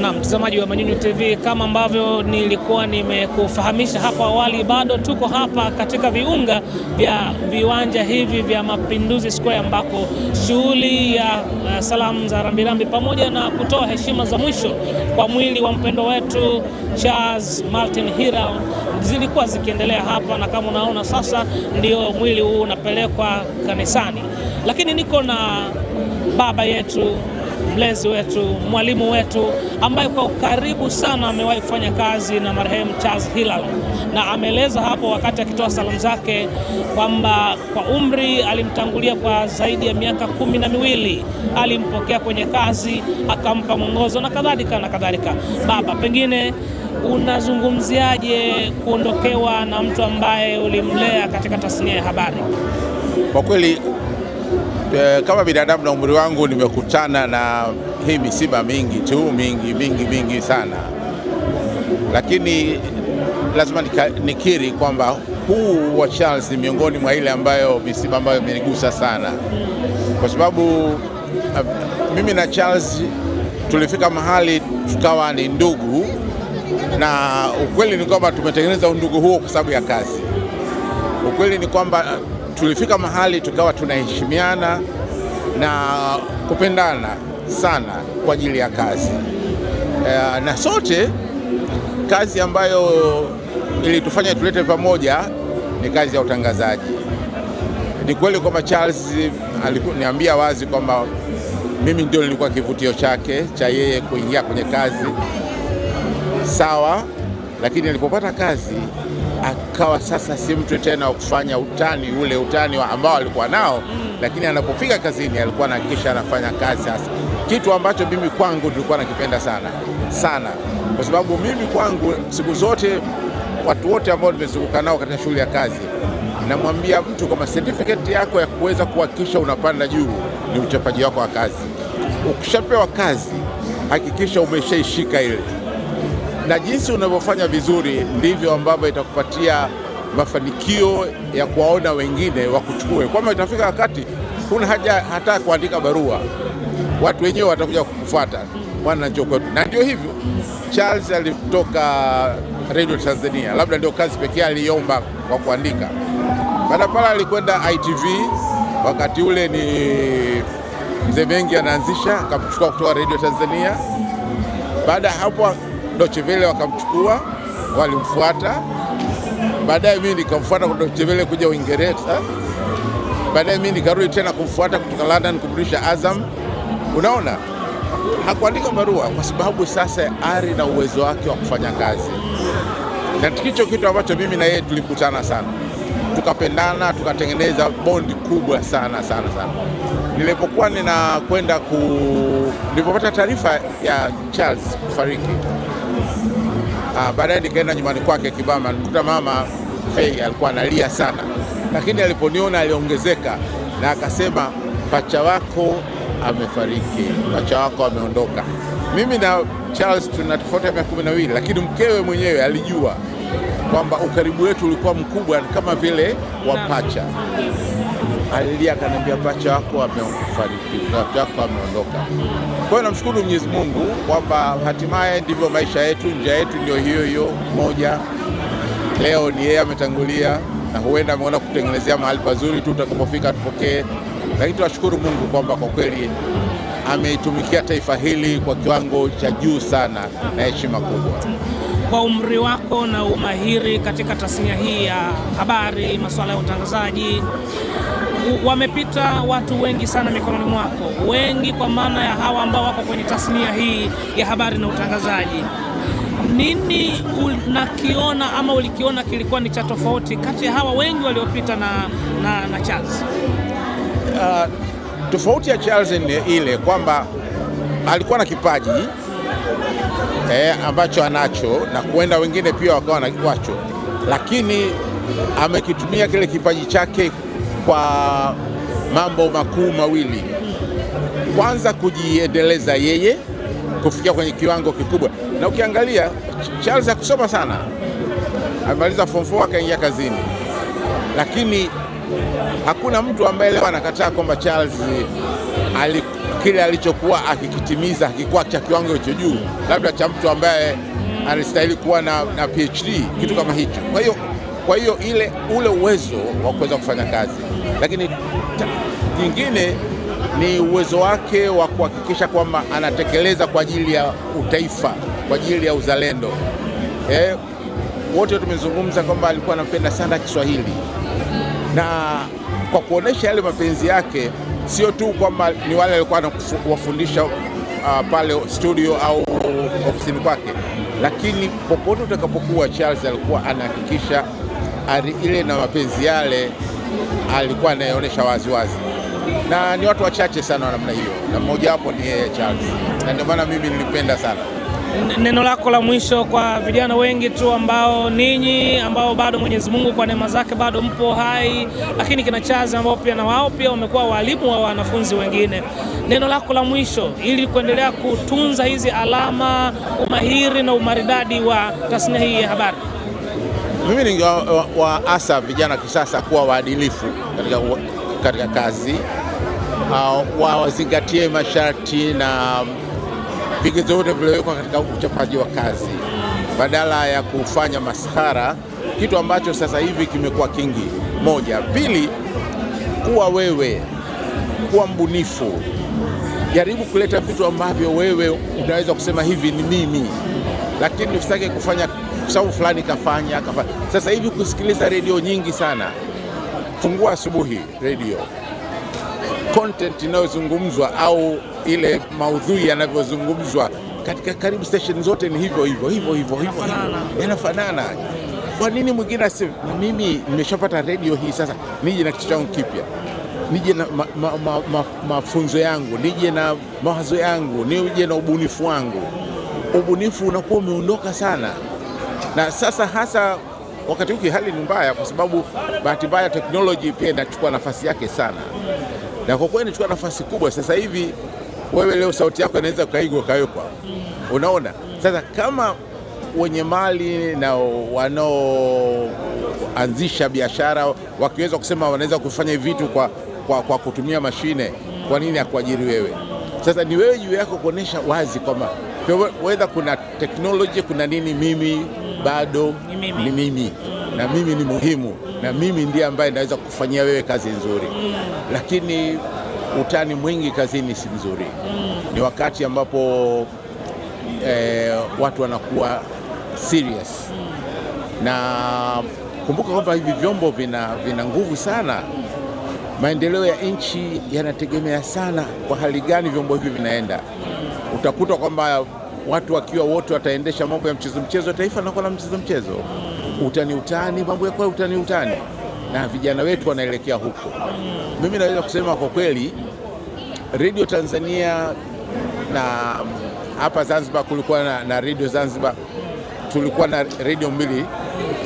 Na mtazamaji wa Manyunyu TV, kama ambavyo nilikuwa nimekufahamisha hapo awali, bado tuko hapa katika viunga vya viwanja hivi vya Mapinduzi Square ambako shughuli ya salamu za rambirambi pamoja na kutoa heshima za mwisho kwa mwili wa mpendo wetu Charles Martin Hira zilikuwa zikiendelea hapa, na kama unaona sasa ndio mwili huu unapelekwa kanisani, lakini niko na baba yetu mlezi wetu, mwalimu wetu ambaye kwa ukaribu sana amewahi kufanya kazi na marehemu Charles Hilary, na ameeleza hapo wakati akitoa salamu zake kwamba kwa umri alimtangulia kwa zaidi ya miaka kumi na miwili, alimpokea kwenye kazi, akampa mwongozo na kadhalika na kadhalika. Baba, pengine unazungumziaje kuondokewa na mtu ambaye ulimlea katika tasnia ya habari? Kwa kweli e, kama binadamu na umri wangu nimekutana na hii misiba mingi tu mingi mingi mingi sana, lakini lazima nikiri kwamba huu wa Charles ni miongoni mwa ile ambayo misiba ambayo imenigusa sana, kwa sababu eh, mimi na Charles tulifika mahali tukawa ni ndugu, na ukweli ni kwamba tumetengeneza undugu huo kwa sababu ya kazi. Ukweli ni kwamba tulifika mahali tukawa tunaheshimiana na kupendana sana kwa ajili ya kazi e, na sote kazi ambayo ilitufanya tulete pamoja ni kazi ya utangazaji. Ni kweli kwamba Charles aliniambia wazi kwamba mimi ndio nilikuwa kivutio chake cha yeye kuingia kwenye kazi sawa, lakini alipopata kazi akawa sasa si mtu tena wa kufanya utani ule utani ambao alikuwa nao mm. Lakini anapofika kazini alikuwa anahakikisha anafanya kazi sasa, kitu ambacho mimi kwangu tulikuwa nakipenda sana sana, kwa sababu mimi kwangu siku zote watu wote ambao nimezunguka nao katika shughuli ya kazi namwambia mtu kama certificate yako ya kuweza kuhakikisha unapanda juu ni uchapaji wako wa kazi. Ukishapewa kazi, hakikisha umeshaishika ile na jinsi unavyofanya vizuri ndivyo ambavyo itakupatia mafanikio ya kuwaona wengine wakuchukue, kwamba itafika wakati huna haja hata kuandika barua, watu wenyewe watakuja kukufuata mwana njoo kwetu. Na ndio hivyo Charles alitoka Radio Tanzania, labda ndio kazi pekee aliomba kwa kuandika. Baada ya pale alikwenda ITV, wakati ule ni Mzee Mengi anaanzisha, akamchukua kutoka Radio Tanzania. Baada ya hapo Deutsche Welle wakamchukua, walimfuata. Baadaye mimi nikamfuata kwa Deutsche Welle kuja Uingereza. Baadaye mimi nikarudi tena kumfuata kutoka London kumrudisha Azam. Unaona, hakuandika barua kwa sababu sasa ari na uwezo wake wa kufanya kazi, na kicho kitu ambacho mimi na yeye tulikutana sana tukapendana tukatengeneza bondi kubwa sana sana sana. Nilipokuwa ninakwenda ku nilipopata taarifa ya Charles kufariki, Ah, baadaye nikaenda nyumbani kwake Kibama, nikuta mama Fei alikuwa analia sana, lakini aliponiona aliongezeka na akasema, pacha wako amefariki, pacha wako ameondoka. Mimi na Charles tuna tofauti ya miaka kumi na mbili, lakini mkewe mwenyewe alijua kwamba ukaribu wetu ulikuwa mkubwa kama vile wa pacha. Alilia akaniambia, pacha wako amefariki, rafiki yako ameondoka. Kwa hiyo namshukuru Mwenyezi Mungu kwamba hatimaye ndivyo maisha yetu, njia yetu ndio hiyo hiyo moja. Leo ni yeye ametangulia, na huenda ameona kutengenezea mahali pazuri tu, tutakapofika tupokee. Lakini tunashukuru Mungu kwamba kwa kweli ameitumikia taifa hili kwa kiwango cha juu sana na heshima kubwa kwa umri wako na umahiri katika tasnia hii ya habari, masuala ya utangazaji, wamepita watu wengi sana mikononi mwako, wengi kwa maana ya hawa ambao wako kwenye tasnia hii ya habari na utangazaji. Nini unakiona ama ulikiona kilikuwa ni cha tofauti kati ya hawa wengi waliopita na, na, na Charles? Uh, tofauti ya Charles ni ile kwamba alikuwa na kipaji eh, ambacho anacho na kuenda wengine pia wakawa nawacho, lakini amekitumia kile kipaji chake kwa mambo makuu mawili. Kwanza, kujiendeleza yeye kufikia kwenye kiwango kikubwa, na ukiangalia Charles akusoma sana, amemaliza form 4 akaingia kazini, lakini hakuna mtu ambaye leo anakataa kwamba Charles ali kile alichokuwa akikitimiza hakikuwa cha kiwango cha juu, labda cha mtu ambaye anastahili kuwa na, na PhD kitu kama hicho. Kwa hiyo kwa hiyo ile ule uwezo wa kuweza kufanya kazi, lakini nyingine ni uwezo wake wa kuhakikisha kwamba anatekeleza kwa ajili ya utaifa, kwa ajili ya uzalendo. Eh, wote tumezungumza kwamba alikuwa anapenda sana Kiswahili na kwa kuonesha yale mapenzi yake sio tu kwamba ni wale walikuwa wafundisha uh, pale studio au ofisini kwake, lakini popote utakapokuwa, Charles alikuwa anahakikisha ari ile na mapenzi yale alikuwa anaonyesha waziwazi, na ni watu wachache sana wa namna hiyo, na mmoja wapo ni yeye Charles, na ndio maana mimi nilipenda sana neno lako la mwisho kwa vijana wengi tu ambao ninyi ambao bado Mwenyezi Mungu kwa neema zake bado mpo hai, lakini kinachaza ambao pia na wao pia wamekuwa walimu wa wanafunzi wengine, neno lako la mwisho ili kuendelea kutunza hizi alama, umahiri na umaridadi wa tasnia hii ya habari. Mimi ningewaasa vijana kisasa kuwa waadilifu katika, katika kazi uh, wawazingatie masharti na vigezo vyote viliwekwa katika uchapaji wa kazi, badala ya kufanya maskhara, kitu ambacho sasa hivi kimekuwa kingi. Moja, pili, kuwa wewe, kuwa mbunifu, jaribu kuleta vitu ambavyo wewe unaweza kusema hivi ni mimi, lakini usitake kufanya sababu fulani kafanya, kafanya. Sasa hivi kusikiliza redio nyingi sana, fungua asubuhi redio, content inayozungumzwa au ile maudhui yanavyozungumzwa katika karibu station zote ni hivyo hivyo hivyo hivyo hivyo, yanafanana. Kwa nini mwingine asema mimi nimeshapata redio hii, sasa nije na kitu changu kipya, nije na mafunzo ma, ma, ma, ma yangu, nije na mawazo yangu, nije na ubunifu wangu? Ubunifu unakuwa umeondoka sana, na sasa hasa wakati huki hali ni mbaya, kwa sababu bahati mbaya teknoloji pia inachukua nafasi yake sana, na kwa kweli inachukua nafasi kubwa sasa hivi wewe leo sauti yako inaweza ukaigwa ukawekwa, unaona. Sasa kama wenye mali na wanaoanzisha biashara wakiweza kusema wanaweza kufanya vitu kwa, kwa, kwa kutumia mashine, kwa nini akuajiri wewe? Sasa ni wewe juu yako kuonyesha wazi kwamba wedha kuna teknolojia kuna nini, mimi bado ni mimi, ni mimi na mimi ni muhimu na mimi ndiye ambaye naweza kufanyia wewe kazi nzuri, mm. lakini utani mwingi kazini si mzuri mm. Ni wakati ambapo e, watu wanakuwa serious mm. Na kumbuka kwamba hivi vyombo vina, vina nguvu sana. Maendeleo ya nchi yanategemea sana kwa hali gani vyombo hivi vinaenda. Mm. Utakuta kwamba watu wakiwa wote wataendesha mambo ya mchezo mchezo, taifa linakuwa na mchezo mchezo, mm. utani utani, mambo ya kwa utani utani na vijana wetu wanaelekea huko. Mimi naweza kusema kwa kweli, Radio Tanzania na hapa Zanzibar kulikuwa na, na Radio Zanzibar, tulikuwa na radio mbili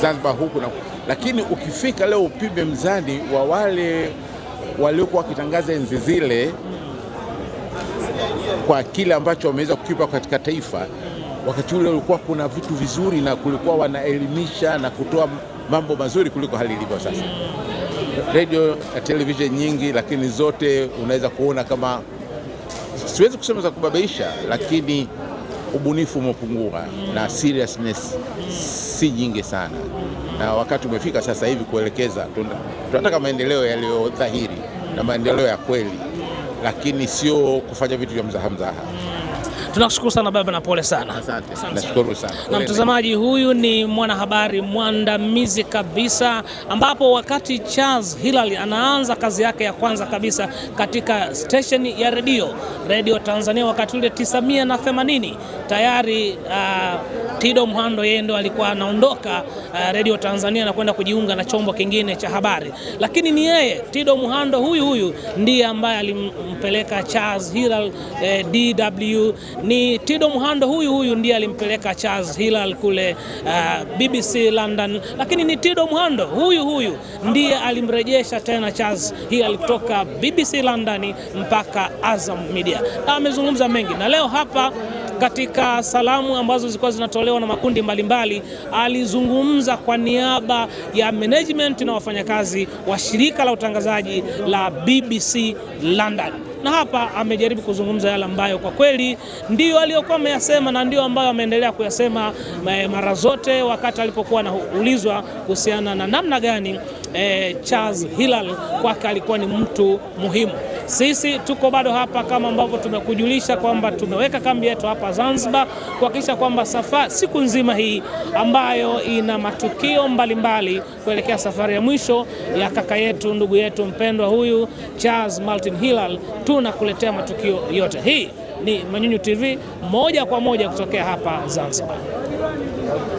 Zanzibar huku na, lakini ukifika leo upime mzani wa wale waliokuwa wakitangaza enzi zile kwa kile ambacho wameweza kukipa katika taifa. Wakati ule ulikuwa kuna vitu vizuri na kulikuwa wanaelimisha na kutoa mambo mazuri kuliko hali ilivyo sasa. Radio na eh, television nyingi, lakini zote unaweza kuona kama, siwezi kusema za kubabaisha, lakini ubunifu umepungua na seriousness si nyingi sana, na wakati umefika sasa hivi kuelekeza. Tunataka maendeleo yaliyo dhahiri na maendeleo ya kweli, lakini sio kufanya vitu vya mzaha mzaha. Tunakushukuru sana baba na pole sana. Asante. Nashukuru sana. Na mtazamaji, huyu ni mwanahabari mwandamizi kabisa, ambapo wakati Charles hilal anaanza kazi yake ya kwanza kabisa katika stesheni ya redio redio Tanzania wakati ule 980 tayari uh, Tido Mhando yeye ndo alikuwa anaondoka uh, redio Tanzania na kwenda kujiunga na chombo kingine cha habari, lakini ni yeye Tido Mhando huyu huyu ndiye ambaye alimpeleka Charles Hilal eh, DW ni Tido Mhando huyu huyu ndiye alimpeleka Charles Hilal kule uh, BBC London, lakini ni Tido Mhando huyu huyu ndiye alimrejesha tena Charles Hilal kutoka BBC London mpaka Azam Media. Amezungumza mengi na leo hapa katika salamu ambazo zilikuwa zinatolewa na makundi mbalimbali mbali, alizungumza kwa niaba ya management na wafanyakazi wa shirika la utangazaji la BBC London na hapa amejaribu kuzungumza yale ambayo kwa kweli ndiyo aliyokuwa ameyasema na ndiyo ambayo ameendelea kuyasema eh, mara zote wakati alipokuwa anaulizwa kuhusiana na namna gani eh, Charles Hilal kwake alikuwa ni mtu muhimu. Sisi tuko bado hapa kama ambavyo tumekujulisha kwamba tumeweka kambi yetu hapa Zanzibar kuhakikisha kwamba safari siku nzima hii ambayo ina matukio mbalimbali mbali, kuelekea safari ya mwisho ya kaka yetu ndugu yetu mpendwa huyu Charles Martin Hilal, tunakuletea matukio yote. Hii ni Manyunyu TV moja kwa moja kutokea hapa Zanzibar.